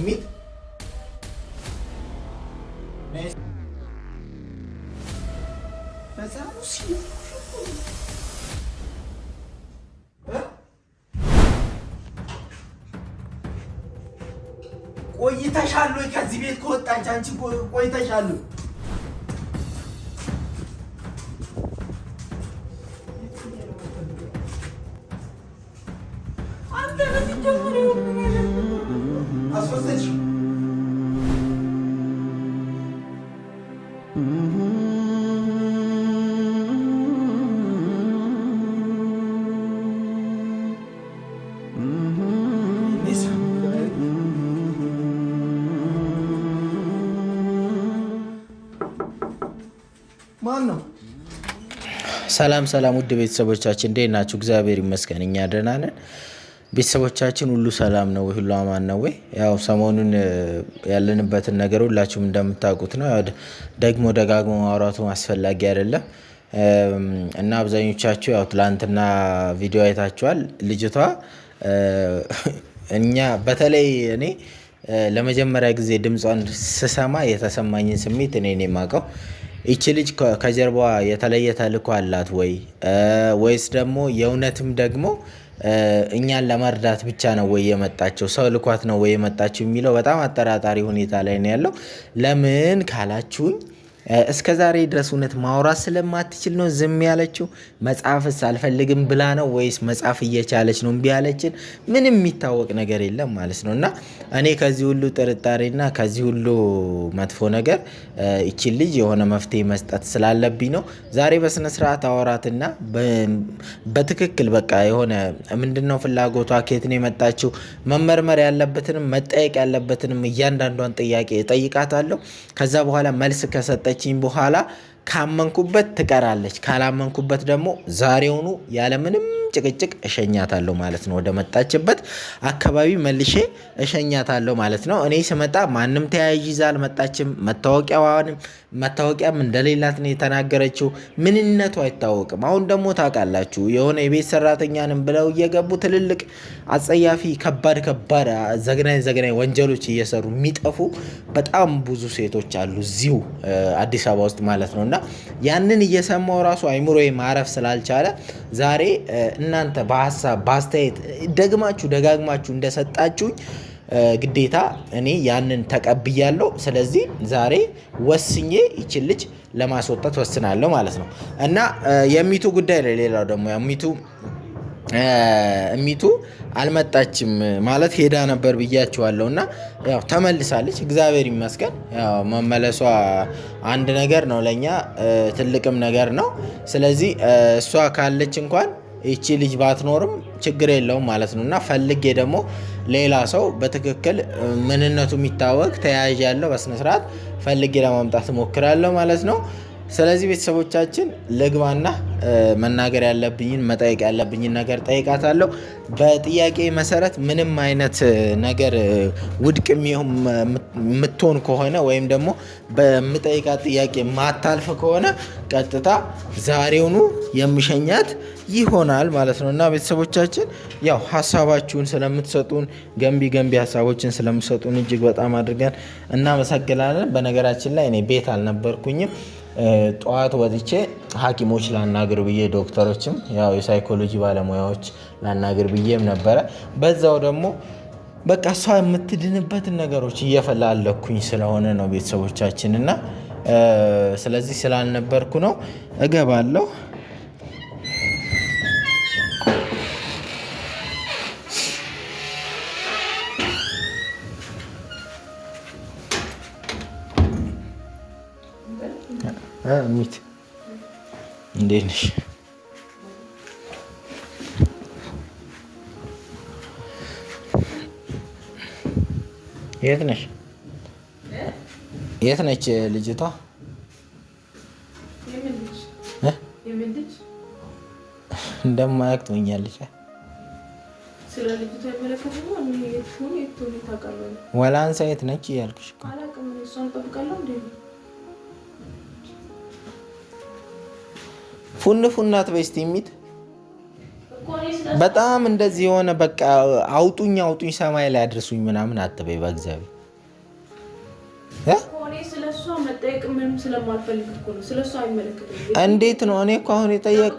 Emit. Neyse. Ben sana bu sinir. ቆይተሻሉ ከዚህ ቤት ከወጣች አንቺ ቆይተሻሉ። ሰላም ሰላም ውድ ቤተሰቦቻችን እንዴት ናችሁ? እግዚአብሔር ይመስገን እኛ ደህና ነን። ቤተሰቦቻችን ሁሉ ሰላም ነው ወይ? ሁሉ አማን ነው ወይ? ያው ሰሞኑን ያለንበትን ነገር ሁላችሁም እንደምታውቁት ነው። ደግሞ ደጋግሞ ማውራቱ አስፈላጊ አይደለም እና አብዛኞቻችሁ ያው ትላንትና ቪዲዮ አይታችኋል። ልጅቷ እኛ በተለይ እኔ ለመጀመሪያ ጊዜ ድምጿን ስሰማ የተሰማኝን ስሜት እኔ የማውቀው ይቺ ልጅ ከጀርባዋ የተለየ ተልእኮ አላት ወይ ወይስ ደግሞ የእውነትም ደግሞ እኛን ለመርዳት ብቻ ነው ወይ የመጣቸው? ሰው ልኳት ነው ወይ የመጣቸው የሚለው በጣም አጠራጣሪ ሁኔታ ላይ ነው ያለው። ለምን ካላችሁኝ እስከ ዛሬ ድረስ እውነት ማውራት ስለማትችል ነው ዝም ያለችው? መጽሐፍስ አልፈልግም ብላ ነው ወይስ መጽሐፍ እየቻለች ነው እምቢ ያለችን? ምንም የሚታወቅ ነገር የለም ማለት ነው። እና እኔ ከዚህ ሁሉ ጥርጣሬና ከዚህ ሁሉ መጥፎ ነገር ይችን ልጅ የሆነ መፍትሄ መስጠት ስላለብኝ ነው ዛሬ በስነስርዓት አወራትና በትክክል በቃ የሆነ ምንድነው ፍላጎቷ፣ ከየት የመጣችው፣ መመርመር ያለበትንም መጠየቅ ያለበትንም እያንዳንዷን ጥያቄ እጠይቃታለሁ። ከዛ በኋላ መልስ ከሰጠች ካመነችኝ በኋላ ካመንኩበት ትቀራለች፣ ካላመንኩበት ደግሞ ዛሬውኑ ያለምንም ጭቅጭቅ እሸኛታለሁ ማለት ነው። ወደ መጣችበት አካባቢ መልሼ እሸኛታለሁ ማለት ነው። እኔ ስመጣ ማንም ተያይዛል መጣችም መታወቂያዋንም መታወቂያም እንደሌላት ነው የተናገረችው። ምንነቱ አይታወቅም። አሁን ደግሞ ታውቃላችሁ የሆነ የቤት ሰራተኛንም ብለው እየገቡ ትልልቅ አጸያፊ ከባድ ከባድ ዘግናኝ ዘግናኝ ወንጀሎች እየሰሩ የሚጠፉ በጣም ብዙ ሴቶች አሉ እዚሁ አዲስ አበባ ውስጥ ማለት ነው። እና ያንን እየሰማው ራሱ አይምሮ ማረፍ ስላልቻለ ዛሬ እናንተ በሀሳብ በአስተያየት ደግማችሁ ደጋግማችሁ እንደሰጣችሁኝ ግዴታ እኔ ያንን ተቀብያለሁ። ስለዚህ ዛሬ ወስኜ ይችን ልጅ ለማስወጣት ወስናለሁ ማለት ነው እና የሚቱ ጉዳይ ላይ ሌላው ደግሞ የሚቱ እሚቱ አልመጣችም ማለት ሄዳ ነበር ብያችኋለሁ። እና ያው ተመልሳለች፣ እግዚአብሔር ይመስገን። ያው መመለሷ አንድ ነገር ነው፣ ለእኛ ትልቅም ነገር ነው። ስለዚህ እሷ ካለች እንኳን ይቺ ልጅ ባትኖርም ችግር የለውም ማለት ነው እና ፈልጌ ደግሞ ሌላ ሰው በትክክል ምንነቱ የሚታወቅ ተያያዥ ያለው በስነስርዓት ፈልጌ ለማምጣት እሞክራለሁ ማለት ነው። ስለዚህ ቤተሰቦቻችን ልግባና መናገር ያለብኝን መጠየቅ ያለብኝን ነገር ጠይቃታለሁ። በጥያቄ መሰረት ምንም አይነት ነገር ውድቅ የምትሆን ከሆነ ወይም ደግሞ በምጠይቃት ጥያቄ ማታልፍ ከሆነ ቀጥታ ዛሬውኑ የምሸኛት ይሆናል ማለት ነው እና ቤተሰቦቻችን ያው ሀሳባችሁን ስለምትሰጡን ገንቢ ገንቢ ሀሳቦችን ስለምትሰጡን እጅግ በጣም አድርገን እናመሰግናለን። በነገራችን ላይ እኔ ቤት አልነበርኩኝም። ጠዋት ወጥቼ ሐኪሞች ላናግር ብዬ ዶክተሮችም ያው የሳይኮሎጂ ባለሙያዎች ላናግር ብዬም ነበረ። በዛው ደግሞ በቃ እሷ የምትድንበትን ነገሮች እየፈላለኩኝ ስለሆነ ነው ቤተሰቦቻችን እና ስለዚህ ስላልነበርኩ ነው እገባለሁ ሚት እንዴት ነሽ? የት ነሽ? የት ነች ልጅቷ? እንደማያውቅ ትሆኛለች። ወላንሳ የት ነች እያልኩሽ ፉን ፉን የሚት በጣም እንደዚህ የሆነ በቃ አውጡኝ አውጡኝ ሰማይ ላይ አድርሱኝ ምናምን አትበይ በእግዚአብሔር እንዴት ነው እኔ እኮ አሁን የጠየቅ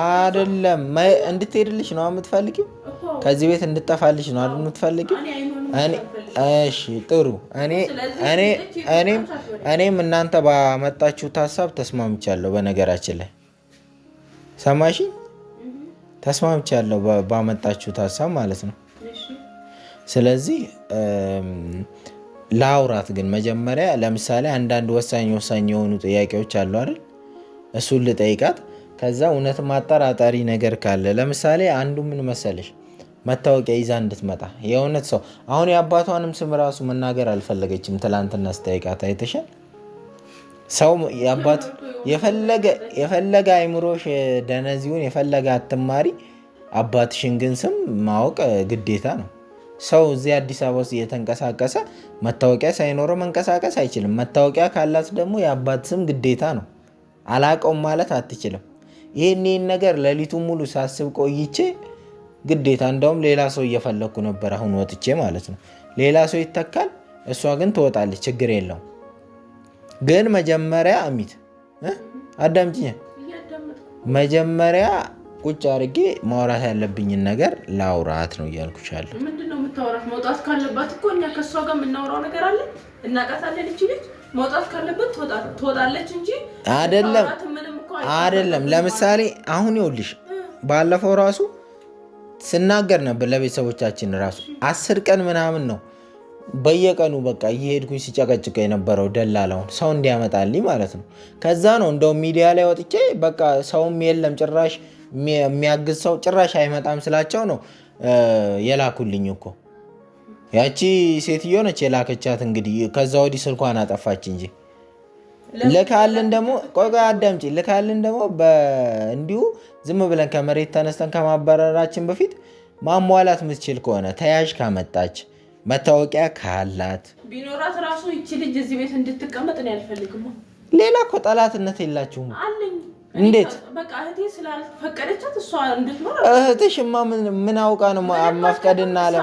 አይደለም እንድትሄድልሽ ነው የምትፈልጊው ከዚህ ቤት እንድጠፋልሽ ነው አይደል የምትፈልጊው እሺ ጥሩ እኔም እናንተ ባመጣችሁት ሀሳብ ተስማምቻለሁ በነገራችን ላይ ሰማሽ? ተስማምቻለሁ ባመጣችሁት ሀሳብ ማለት ነው። ስለዚህ ለአውራት ግን መጀመሪያ ለምሳሌ አንዳንድ ወሳኝ ወሳኝ የሆኑ ጥያቄዎች አሉ አይደል? እሱን ልጠይቃት። ከዛ እውነት ማጠራጠሪ ነገር ካለ ለምሳሌ አንዱ ምን መሰለሽ መታወቂያ ይዛ እንድትመጣ የእውነት ሰው አሁን የአባቷንም ስም ራሱ መናገር አልፈለገችም። ትላንትና ስጠይቃት አይተሻል። ሰው የአባት የፈለገ አይምሮሽ ደነዚሁን የፈለገ አትማሪ፣ አባትሽን ግን ስም ማወቅ ግዴታ ነው። ሰው እዚህ አዲስ አበባ ውስጥ እየተንቀሳቀሰ መታወቂያ ሳይኖረው መንቀሳቀስ አይችልም። መታወቂያ ካላት ደግሞ የአባት ስም ግዴታ ነው። አላቀውም ማለት አትችልም። ይህን ይህን ነገር ሌሊቱን ሙሉ ሳስብ ቆይቼ ግዴታ እንደውም ሌላ ሰው እየፈለግኩ ነበር አሁን ወጥቼ ማለት ነው። ሌላ ሰው ይተካል፣ እሷ ግን ትወጣለች። ችግር የለውም። ግን መጀመሪያ አሚት አዳምጪኝ። መጀመሪያ ቁጭ አድርጌ ማውራት ያለብኝን ነገር ላውራት ነው እያልኩሽ አለ። ምንድን ነው የምታወራት? መውጣት ካለባት እኮ እኛ ከእሷ ጋር የምናወራው ነገር አለ። እናቃታለን። እች ልጅ መውጣት ካለበት ትወጣለች እንጂ አይደለም አይደለም። ለምሳሌ አሁን ይኸውልሽ፣ ባለፈው ራሱ ስናገር ነበር ለቤተሰቦቻችን ራሱ አስር ቀን ምናምን ነው በየቀኑ በቃ እየሄድኩኝ ሲጨቀጭቀ የነበረው ደላላውን ሰው እንዲያመጣልኝ ማለት ነው። ከዛ ነው እንደውም ሚዲያ ላይ ወጥቼ በቃ ሰውም የለም ጭራሽ የሚያግዝ ሰው ጭራሽ አይመጣም ስላቸው ነው የላኩልኝ እኮ። ያቺ ሴትዮ ነች የላከቻት። እንግዲህ ከዛ ወዲህ ስልኳን አጠፋች እንጂ ልካልን ደግሞ ቆይ አዳምጪ። ልካልን ደግሞ እንዲሁ ዝም ብለን ከመሬት ተነስተን ከማባረራችን በፊት ማሟላት ምትችል ከሆነ ተያዥ ካመጣች መታወቂያ ካላት ቢኖራት ራሱ ይቺ ልጅ እዚህ ቤት እንድትቀመጥ ነው ያልፈልግም። ሌላ እኮ ጠላትነት የላችሁም። እንዴት በቃ እህቴ ስላልፈቀደቻት እሷ እህትሽ ማ ምን አውቃ ነው ማፍቀድና አለ?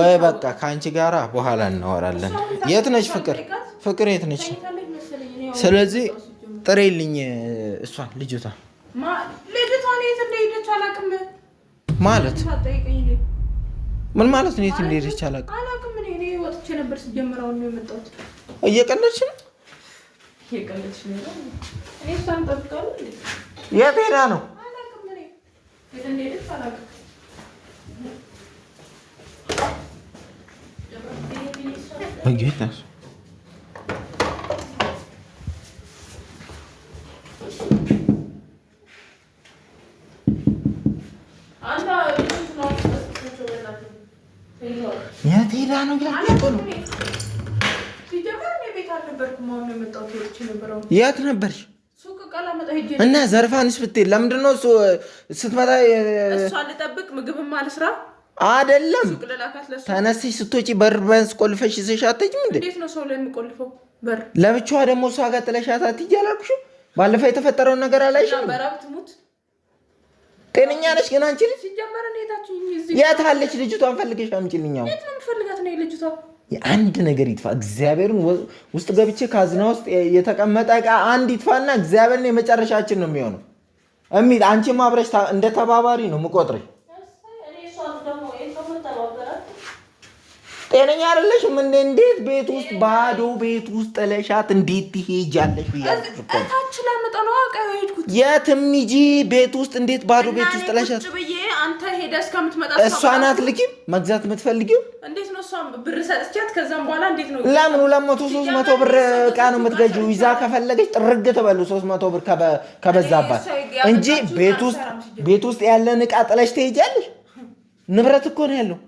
ወይ በቃ ከአንቺ ጋራ በኋላ እናወራለን። የት ነች ፍቅር? ፍቅር የት ነች? ስለዚህ ጥሬልኝ እሷን ልጅቷ ማለት ምን ማለት ነው? የት እንደሄደች አላውቅም። እኔ ወጥቼ ነበር ሲጀመር፣ አሁን ነው የመጣሁት። እየቀለድሽ ነው? የት ሄዳ ነው? በጌታስ ሌላ ነው እያልኩሽ ነው። የት ነበርሽ? እና ዘርፋንሽ ብትሄድ ለምንድን ነው ስትመጣ? አይደለም ተነስሽ ስትወጪ በር በንስ ቆልፈሽ ይዘሽ አትሄጂም እንዴ? ለብቻዋ ደግሞ እሷ ጋር ጥለሻት አትሄጂ አላልኩሽም? ባለፈው የተፈጠረውን ነገር አላይሽም? ጤነኛ ነሽ ግን አንቺ ልጅ የት አለች ልጅቷን ፈልገሽ አምጪልኛው አንድ ነገር ይጥፋ እግዚአብሔርን ውስጥ ገብቼ ካዝና ውስጥ የተቀመጠ ዕቃ አንድ ይጥፋና እግዚአብሔርን የመጨረሻችን ነው የሚሆነው እሚል አንቺም አብረሽ እንደ ተባባሪ ነው የምቆጥርሽ ጤነኛ አይደለሽ። ምን እንዴት ቤት ውስጥ ባዶ ቤት ውስጥ ጥለሻት እንዴት ትሄጃለሽ? ብያለሽ የትም ሂጂ ቤት ውስጥ እንዴት ባዶ ቤት ውስጥ ጥለሻት። እሷ ናት ልኪም መግዛት የምትፈልጊው እንዴት ነው ብር ሰጥቻት ከዛም በኋላ ለምኑ ለመቶ ሶስት መቶ ብር እቃ ነው የምትገዢው። ይዛ ከፈለገች ጥርግ ትበሉ ሶስት መቶ ብር ከበዛባት እንጂ ቤት ውስጥ ያለን እቃ ጥለሽ ትሄጃለሽ። ንብረት እኮ ነው ያለው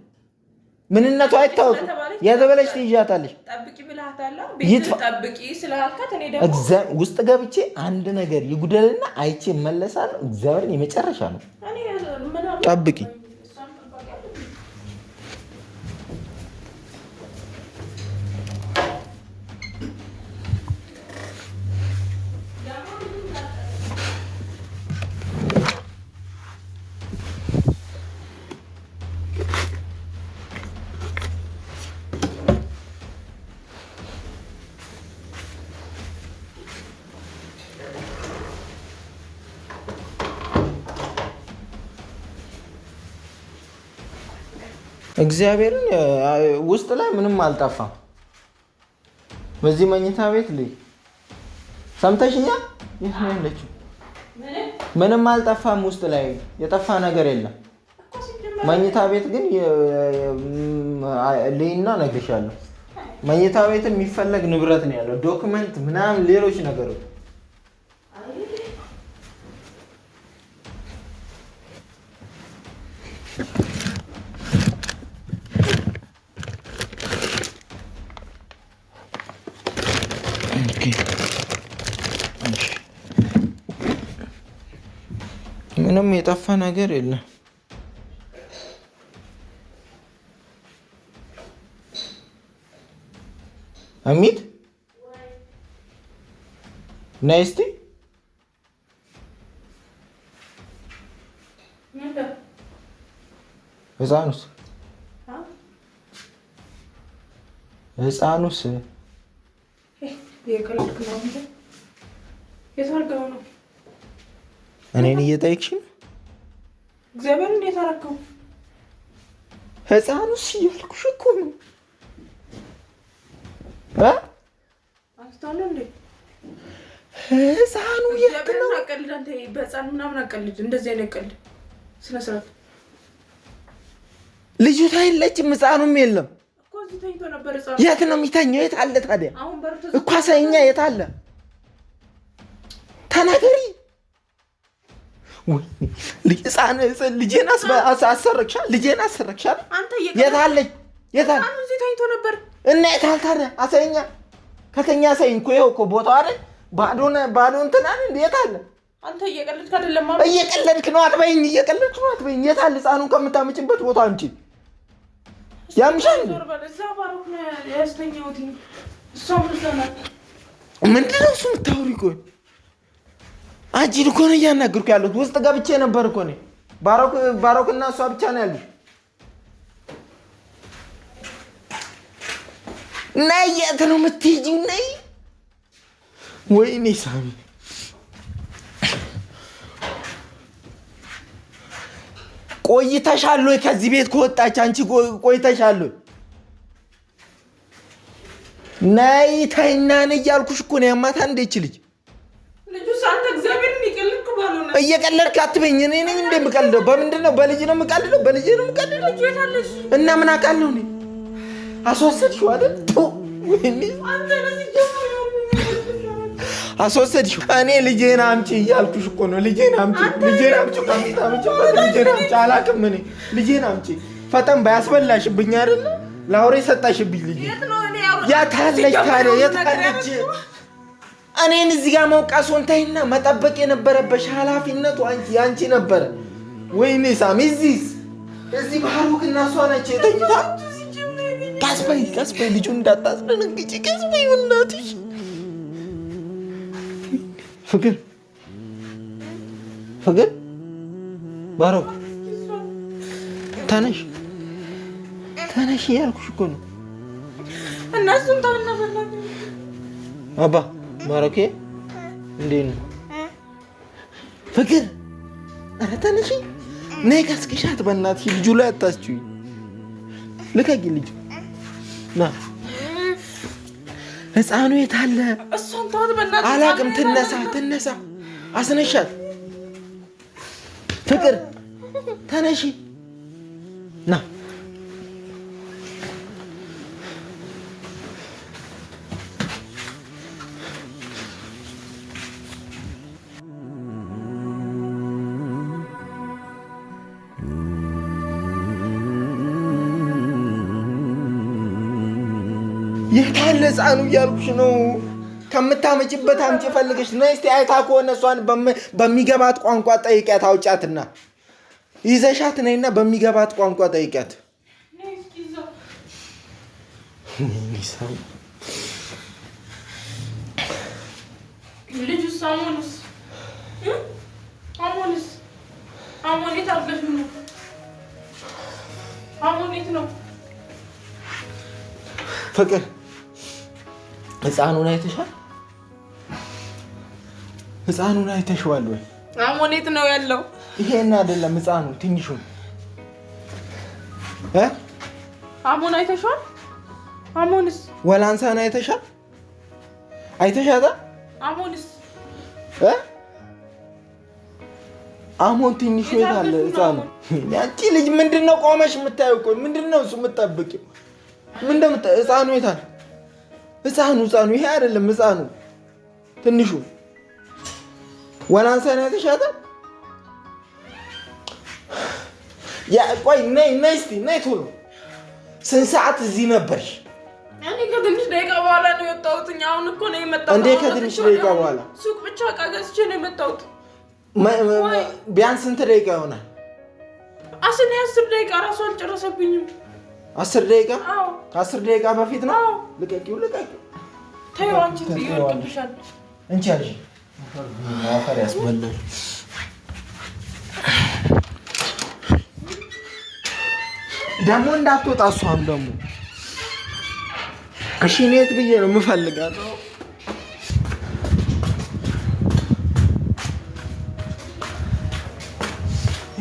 ምንነቱ አይታወቅም። የተበለች ትይዣታለሽ። ውስጥ ገብቼ አንድ ነገር ይጉደልና አይቼ እመለሳለሁ። እግዚአብሔርን የመጨረሻ ነው። ጠብቂ እግዚአብሔርን ውስጥ ላይ ምንም አልጠፋም። በዚህ መኝታ ቤት ልይ ሰምተሽኛ የት ነው ያለችው? ምንም አልጠፋም። ውስጥ ላይ የጠፋ ነገር የለም። መኝታ ቤት ግን ልይና እነግርሻለሁ። መኝታ ቤት የሚፈለግ ንብረት ነው ያለው፣ ዶክመንት ምናምን፣ ሌሎች ነገሮች ምንም የጠፋ ነገር የለም። አሚት ነይ እስኪ ህፃኑስ ህፃኑስ የተረገው ነው። እኔን እየጠየቅሽኝ እግዚአብሔርን የተረገው ህፃኑስ እያልኩሽ እኮ ነው። አስታለ እንዴ ህፃኑ የት ነው? አቀልድ አንተ በህፃኑ ምናምን አቀልድ፣ እንደዚህ አይነት ቀልድ ስነ ስርዓት። ልጅቷ የለችም፣ ህፃኑም የለም። የት ነው የሚተኛው? የት አለ ታዲያ እኳ ሰኛ የት አለ ተናገሪ። ህፃን ልጄን አሰረግሻል። ልጄን የት የት አለ? ተኝቶ ነበር እና የት ከተኛ እኮ ይኸው እኮ ቦታው የት አለ? አንተ እየቀለድክ አይደለም? እየቀለድክ ነው አትበይኝ፣ እየቀለድክ ነው አትበይኝ። የት አለ? ህፃኑን ከምታመጭበት ቦታ አንቺ ያምሻል። ምንድን ነው እሱ የምታወሪ? ቆይ አንቺን እኮ ነው እያናገርኩ ያለሁት። ውስጥ ገብቼ ነበር እኮ እኔ። ባሮክና እሷ ብቻ ነው ያሉት። ነይ፣ የት ነው የምትሄጂው? ነይ። ወይኔ ሳሚ፣ ቆይተሻል ወይ? ከዚህ ቤት ከወጣች አንቺ ቆይተሻል ወይ? ነይ ተይና ነይ እያልኩሽ እኮ ነው። ያማታ እንደ ልጅ እየቀለድክ አትበይኝ። እኔ ነኝ እንደ የምቀልደው። በምንድን ነው? በልጅ ነው የምቀልደው። በልጅ ነው የምቀልደው እና ምን አውቃለሁ እኔ። አስወሰድሽው አይደል? አስወሰድሽው። እኔ ልጄን አምጪ እያልኩሽ እኮ ነው። ልጄን አምጪ፣ ልጄን አምጪ፣ ልጄን አምጪ አላውቅም እኔ። ልጄን አምጪ ፈጠን ባያስበላሽብኝ አይደል? ለአውሬ ሰጣሽብኝ ልጄ። የት አለች ታዲያ? የት አለች? እኔን እዚህ ጋር መውቀሱን ተይና መጠበቅ የነበረበሽ ኃላፊነቱ አንቺ ያንቺ ነበረ። ወይኔ ሳሚ እዚህስ እዚህ ባህሩክ እና እሷ ነች የተኝታ። ቀስ በይ ቀስ በይ ልጁ እንዳታስደነግጪ ቀስ በይ እናትሽ ፍቅር ፍቅር ባህሩክ ተነሽ ተነሽ እያልኩሽ እኮ ነው። እናሱም ታና አባ ማረኬ እንዴት ነው ፍቅር? ኧረ ተነሺ ነይ ቀስቅሻት፣ በእናትሽ ልጁ ላይ አታስችኝ። ልቀቂ ልጁ ና። ህፃኑ የት አለ አላቅም። ትነሳ ትነሳ፣ አስነሻት። ፍቅር ተነሺ ና የታለ ህፃኑ እያልኩሽ ነው። ከምታመጭበት አምጪ ፈልገሽ ነይ እስኪ። አይታ ከሆነ እሷን በሚገባት ቋንቋ ጠይቂያት። አውጫትና ይዘሻት ነይና በሚገባት ቋንቋ ጠይቂያት። ነው አሞኒት ነው ፍቅር ህፃኑን አይተሻል? ህፃኑን አይተሽዋል ወይ? አሞኔት ነው ያለው? ይሄን አይደለም ህፃኑ ትንሹን እ አሞን አይተሻል? አሞንስ ወላንሳን አይተሻል? አይተሻታ? አሞንስ እ አሞን ትንሹ የት አለ ህፃኑ? ያቺ ልጅ ምንድነው ቆመሽ የምታየው? ምንድነው እሱ የምትጠብቂው? ምን እንደምታ ህፃኑ የታል? ህፃኑ ህፃኑ ይሄ አይደለም ህፃኑ ትንሹ ወላንሳ ነው የተሻለ። ያ ቆይ ነይ ነይ እስኪ ነይ ቶሎ። ስንት ሰዓት እዚህ ነበርሽ? እኔ ከትንሽ ደቂቃ በኋላ ነው የወጣሁት። አሁን እኮ ነው የመጣሁት። እንዴ ከትንሽ ደቂቃ በኋላ ሱቅ ብቻ ዕቃ ገዝቼ ነው የመጣሁት። ቢያንስ ስንት ደቂቃ ይሆናል? አስር ደቂቃ ራሱ አልጨረሰብኝም። አስር ደቂቃ ከአስር ደቂቃ በፊት ነው። ልቀቂው፣ ልቀቂው። ተይው አንቺ እንጂ አፈር ያስበላል። ደግሞ እንዳትወጣ እሷም ደግሞ እሺ፣ እኔ የት ብዬ ነው የምፈልጋት?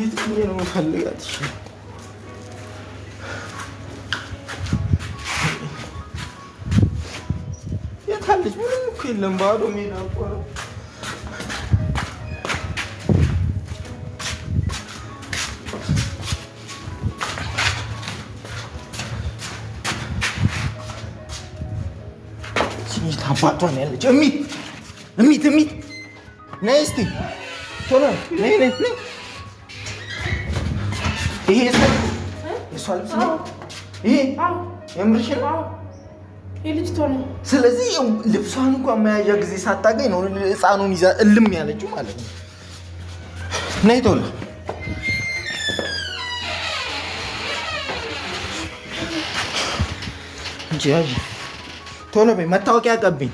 የት ብዬ ነው የምፈልጋት? የለም ባዶ ሜዳ እኮ ነው። አባቷን ያለች እሚት እሚት እሚት ነይ እስኪ ቶሎ ነይ ነይ ነይ። ይሄ የእሷ ልብስ ነው። ይሄ የምርሽ ነው። ስለዚህ ልብሷን እንኳን መያዣ ጊዜ ሳታገኝ ነው ህፃኑን ይዛ እልም ያለችው ማለት ነው። ነይ ቶሎ ቶሎ በይ፣ መታወቂያ ቀብኝ።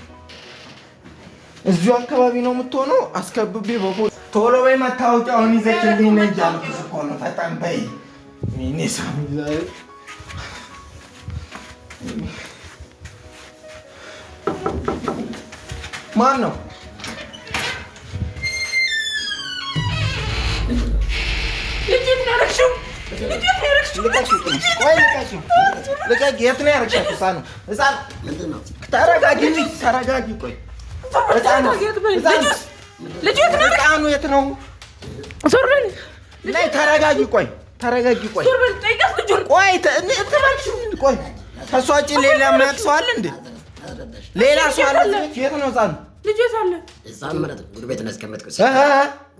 እዚሁ አካባቢ ነው የምትሆነው። አስከብቤ በፖሊስ ቶሎ በይ፣ መታወቂያውን ይዘች ነጃ እኮ ነው። ፈጠን በይ። ማን ነው? የት ነው ያደረግሻት? ህፃን ነው። ተረጋጊ፣ ተረጋጊ። ቆይ ህፃኑ የት ነው? ተረጋጊ፣ ቆይ ተረጋጊ። ቆይ ቆይ፣ ከእሷ ሌላ የማያውቅ ሰው አለ እንዴ? ሌላ ሰው አለ? የት ነው ህፃኑ? ልጅት አለ እዛ ማለት ጎረቤት ነው ያስቀመጥኩት።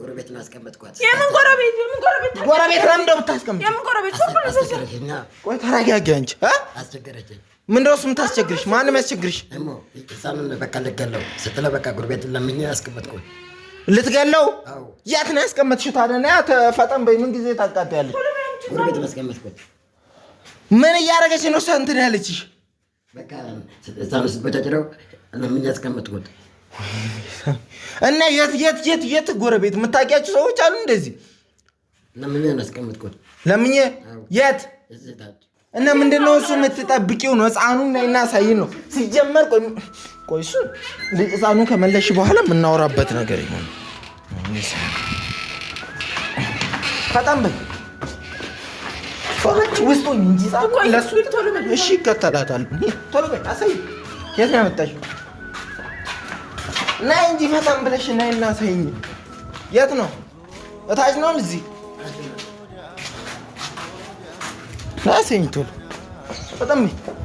ጎረቤት ነው ያስቀመጥኳት። የምን ጎረቤት? የምን ጎረቤት? ጎረቤት ነው እንደው ብታስቀምጥ የምን ጎረቤት? ቆይ ተረጋጊ አንቺ። አስቸገረችኝ። ምን ነው ማንም ያስቸግርሽ። እዛን በቃ ልትገለው ስትለው በቃ ጎረቤት ለምኜ ያስቀመጥኩት። ልትገለው? ያት ነው ያስቀመጥሽው? ታዲያ ና በይ። ምን ጊዜ ታቃጥያለሽ? ምን እያደረገች ነው እሷ እንትን ያለችሽ? በቃ ስትበጫጭረው ያስቀመጥኩት እና የት የት የት የት ጎረቤት የምታውቂያቸው ሰዎች አሉ እንደዚህ ለምኜ የት እና ምንድን ነው እሱ የምትጠብቂው ነው? ህፃኑን እናሳይን ነው ሲጀመር። ቆይ እሱ ህፃኑን ከመለሽ በኋላ የምናወራበት ነገር ይሆን። በጣም በይ ውስጡ እንጂ ለሱ እሺ ይከተላታል። ቶሎ በይ አሳይ። የት ነው ያመጣሽው? ና እንጂ ፈጣን ብለሽ ናይ እና ሳይኝ። የት ነው? እታች ነው እዚህ? ና ሳይኝ ቶሎ ፈጣን